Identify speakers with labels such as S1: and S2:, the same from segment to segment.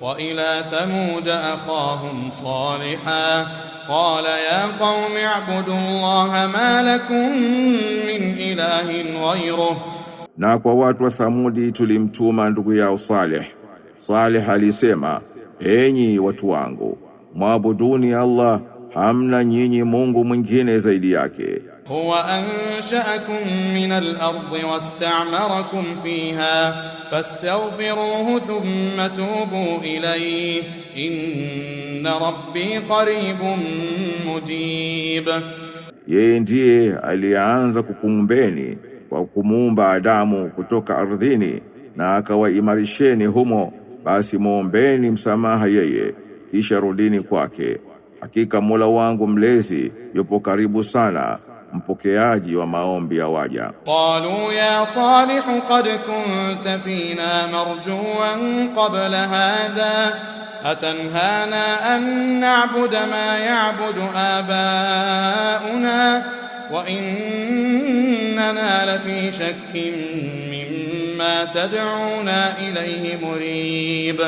S1: وإلى thamud أخاهم صالحا قال يا قوم اعبدوا الله ما لكم من إله غيره
S2: na kwa watu wa Thamudi tulimtuma ndugu yao Saleh. Saleh alisema, enyi watu wangu, mwabuduni Allah, hamna nyinyi Mungu mwingine zaidi yake.
S1: هو أنشأكم من الأرض واستعمركم فيها فاستغفروه ثم توبوا إليه إن ربي قريب مجيب
S2: Yeye ndiye aliyeanza kukuumbeni kwa kumuumba Adamu kutoka ardhini na akawaimarisheni humo, basi muombeni msamaha yeye, kisha rudini kwake. Hakika Mola wangu mlezi yupo karibu sana mpokeaji wa maombi ya waja.
S1: Qalu ya Salih qad kunta fina marjuan qabla hadha atanhana an na'buda ma ya'budu abauna wa inna innana fi shakkin mimma tad'una ilayhi murib.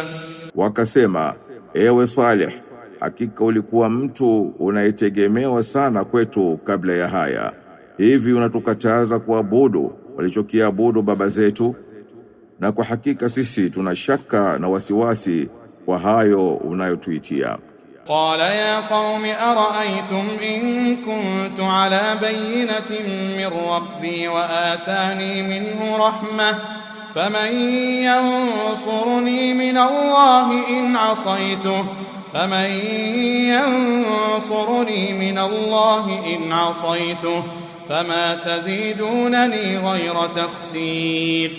S2: Wakasema, ewe Salih hakika ulikuwa mtu unayetegemewa sana kwetu kabla ya haya. Hivi unatukataza kuabudu walichokiabudu baba zetu? Na kwa hakika sisi tuna shaka na wasiwasi kwa hayo unayotuitia.
S1: Qala ya qaumi araaytum in kuntu ala bayinatin min rabbi wa atani minhu rahma faman yansuruni min Allahi in asaytuhu فمن ينصرني من الله إن عصيته فما تزيدونني غير takhsir.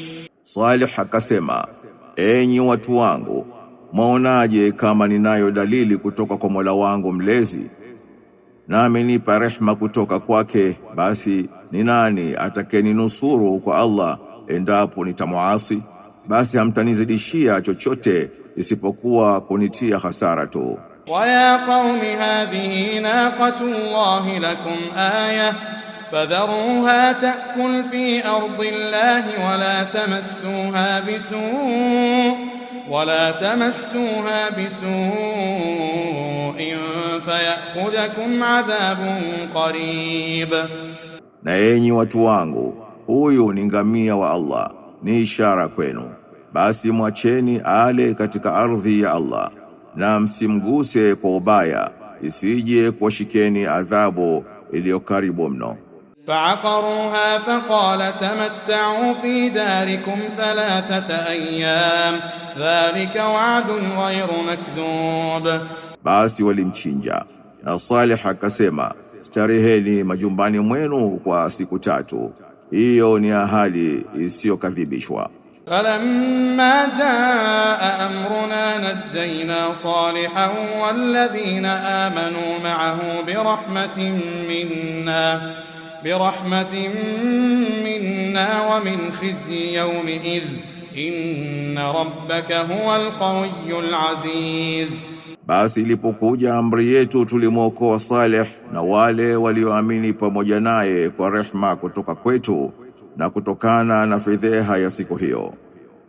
S2: Salih akasema, enyi watu wangu, mwaonaje kama ninayo dalili kutoka kwa Mola wangu mlezi nami nipa rehma kutoka kwake, basi ni nani atakeninusuru kwa Allah endapo nitamwasi? Basi hamtanizidishia chochote isipokuwa kunitia hasara tu.
S1: wa ya qaumi hadhihi naqatullahi lakum aya fadharuha ta'kul fi ardi llahi wa la tamassuha bisu la tamassuha bisu'in fayakhudhakum adhabun qarib,
S2: na enyi watu wangu, huyu ni ngamia wa Allah, ni ishara kwenu basi mwacheni ale katika ardhi ya Allah na msimguse kwa ubaya, isije kuwashikeni adhabu iliyo karibu mno.
S1: faaqaruha faqala tamattau fi darikum thalathata ayyam dhalika wa'dun ghayru makdhub,
S2: basi walimchinja na Saleh akasema stareheni majumbani mwenu kwa siku tatu, hiyo ni ahadi isiyokadhibishwa.
S1: فلما جاء أمرنا نجينا صالحا والذين آمنوا معه برحمة منا برحمة منا ومن خزي يومئذ إن ربك هو القوي العزيز
S2: Basi ilipokuja amri yetu tulimwokoa Saleh na wale walioamini pamoja naye kwa rehma kutoka kwetu na kutokana na fedheha ya siku hiyo.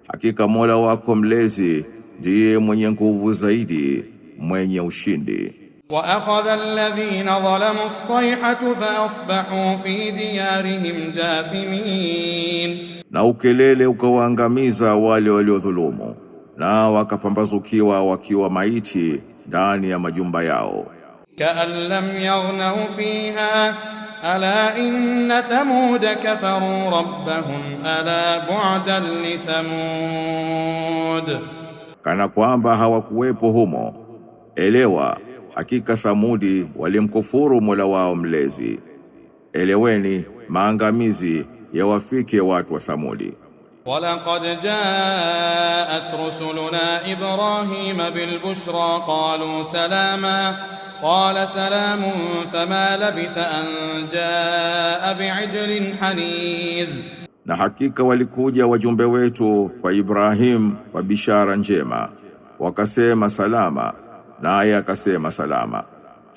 S2: Hakika Mola wako mlezi ndiye mwenye nguvu zaidi, mwenye ushindi.
S1: wa akhadha alladhina zalamu as-sayhatu fa asbahu fi diyarihim jathimin,
S2: na ukelele ukawaangamiza wale waliodhulumu, na wakapambazukiwa wakiwa maiti ndani ya majumba yao.
S1: kaan lam yaghnaw fiha ألا إن ثمود كفروا rabbahum ala bu'dan li
S2: kana kwamba hawakuwepo humo. Elewa, hakika Thamudi walimkufuru Mola wao mlezi. Eleweni, maangamizi yawafike watu wa Thamudi.
S1: Walaqad jaat rusuluna Ibrahima bilbushra qalu salama قال سلام فما labitha an jaa bi'ijlin hanidh,
S2: na hakika walikuja wajumbe wetu kwa Ibrahim kwa bishara njema, wakasema salama, naye akasema salama.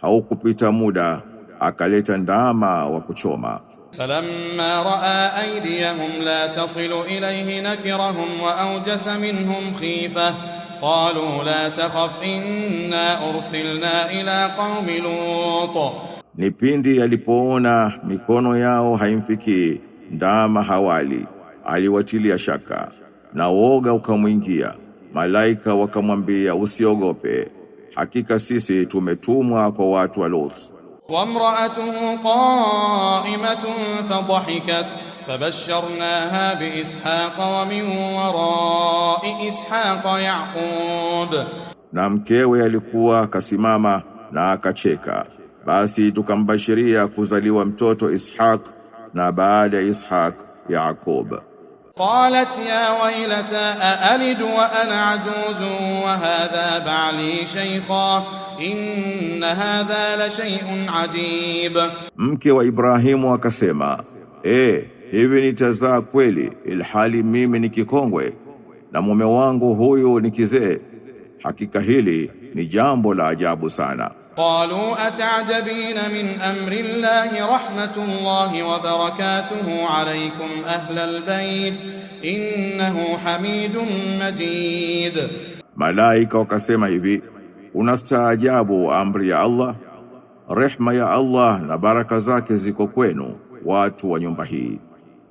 S2: Haukupita muda akaleta ndama wa kuchoma.
S1: Falamma raa aydiyahum la tasilu ilayhi nakirahum wa awjasa minhum khifa قالوا la takhaf inna ursilna ila qaumi Lut,
S2: ni pindi alipoona mikono yao haimfikii ndama hawali, aliwatilia shaka na woga ukamwingia. Malaika wakamwambia usiogope, hakika sisi tumetumwa kwa watu wa Lut.
S1: Wamraatuhu qaimatun fadhahikat فبشرناها بإسحاق ومن وراء إسحاق يعقوب
S2: na mkewe alikuwa akasimama na akacheka basi tukambashiria kuzaliwa mtoto Ishaq na baada ya Ishaq Yaqub
S1: قالت يا ويلتى أألد وأنا عجوز وهذا بعلي شيخا إن هذا لشيء عجيب
S2: mke wa Ibrahimu akasema eh hivi nitazaa kweli, ilhali mimi ni kikongwe na mume wangu huyu ni kizee. Hakika hili ni jambo la ajabu sana.
S1: Qalu atajabina min amri llahi rahmatullahi wa barakatuhu alaykum ahla albayt innahu hamidun majid,
S2: malaika wakasema hivi, unastaajabu amri ya Allah, rehma ya Allah na baraka zake ziko kwenu watu wa nyumba hii.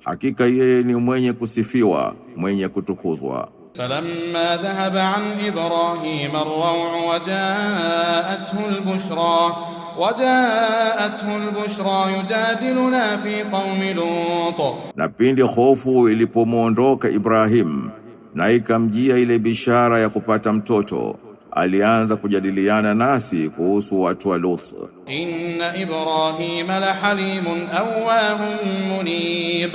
S2: Hakika yeye ni mwenye kusifiwa, mwenye kutukuzwa.
S1: Falamma dhahaba an Ibrahim ar ruu wa ja'atuhu al-bushra wa ja'atuhu al-bushra yujadiluna fi qaumi Lut,
S2: na pindi hofu ilipomwondoka Ibrahim na ikamjia ile bishara ya kupata mtoto alianza kujadiliana nasi kuhusu watu wa Lut.
S1: Inna ibrahim la halimun awahum munib,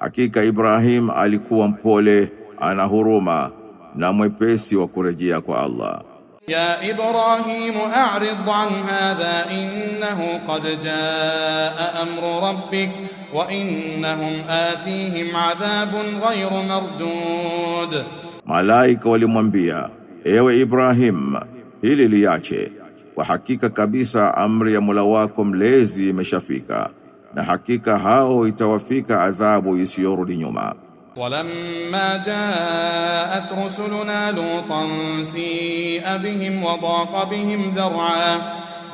S2: hakika Ibrahim alikuwa mpole, ana huruma na mwepesi wa kurejea kwa Allah.
S1: Ya Ibrahim a'rid an hadha innahu qad jaa amru rabbik wa innahum atihim adhabun ghayru mardud,
S2: malaika walimwambia Ewe Ibrahim, hili liache. Kwa hakika kabisa amri ya Mola wako mlezi imeshafika, na hakika hao itawafika adhabu isiyorudi nyuma.
S1: Walamma jaat rusuluna lutan si'a bihim wa daqa bihim dhar'a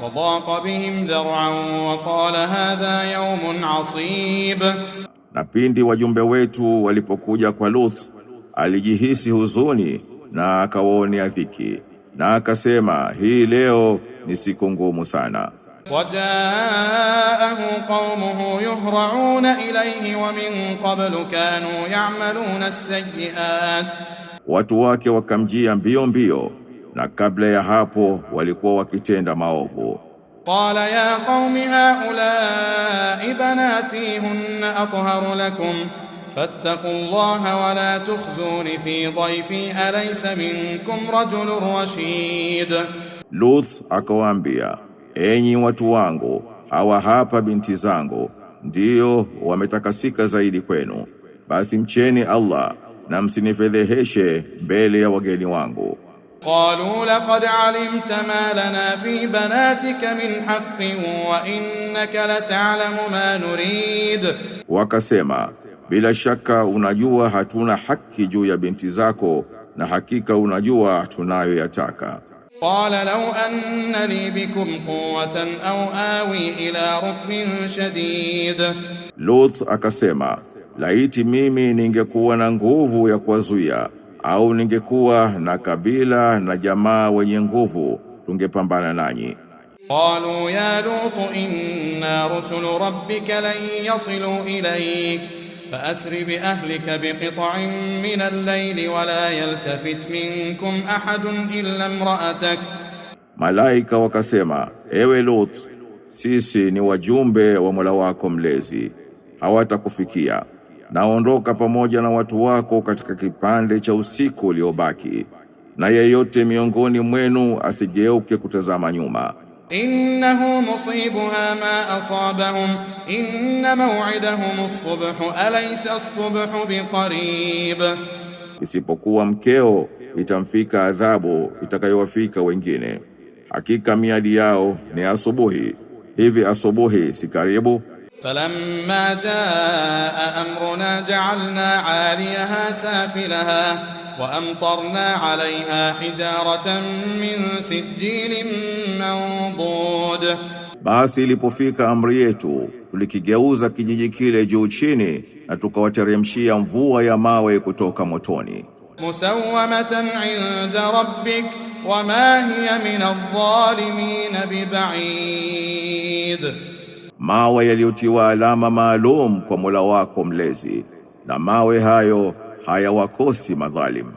S1: wa daqa bihim dhar'an wa qala hadha yawmun asib,
S2: na pindi wajumbe wetu walipokuja kwa lut alijihisi huzuni na akawaonea dhiki na akasema hii leo ni siku ngumu sana.
S1: Wajaahu qaumuhu yuhra'una ilayhi wa min qablu kanu ya'maluna as-sayyi'at,
S2: watu wake wakamjia mbio mbio na kabla ya hapo walikuwa wakitenda maovu.
S1: Qala ya qaumi haula'i banati hunna atharu lakum فاتقوا الله ولا تخزون في ضيفي أليس منكم رجل رشيد
S2: Luth akawaambia enyi watu wangu hawa hapa binti zangu ndiyo wametakasika zaidi kwenu basi mcheni Allah na msinifedheheshe mbele ya wageni wangu
S1: قالوا لقد علمت ما لنا في بناتك من حق وإنك لتعلم ma nurid
S2: wakasema bila shaka unajua hatuna haki juu ya binti zako na hakika unajua tunayoyataka.
S1: Qala law anna li bikum quwwatan au awi ila ruknin shadid,
S2: Lut akasema laiti mimi ningekuwa na nguvu ya kuwazuia au ningekuwa na kabila na jamaa wenye nguvu tungepambana nanyi.
S1: Qalu ya Lut inna rusulu rabbika lan yasilu ilayk فأسر بأهلك بقطع من الليل wala yaltafit minkum ahadun illa imra'atak,
S2: malaika wakasema, ewe Lut, sisi ni wajumbe wa Mola wako mlezi, hawatakufikia naondoka pamoja na watu wako katika kipande cha usiku uliobaki, na yeyote miongoni mwenu asigeuke kutazama nyuma
S1: innahu musibuha ma asabahum inna maw'idahum as-subhu alaysa as biqarib,
S2: isipokuwa mkeo itamfika adhabu itakayowafika wengine, hakika miadi yao ni asubuhi, hivi asubuhi si karibu?
S1: falamma jaa amruna ja'alna 'aliyaha safilaha وأمطرنا عليها حجارة من سجيل منضود
S2: Basi ilipofika amri yetu tulikigeuza kijiji kile juu chini na tukawateremshia mvua ya mawe kutoka motoni.
S1: Musawamatan inda rabbik wama hiya min adh-dhalimin biba'id,
S2: mawe yaliyotiwa alama maalum kwa Mola wako mlezi, na mawe hayo hayawakosi madhalim.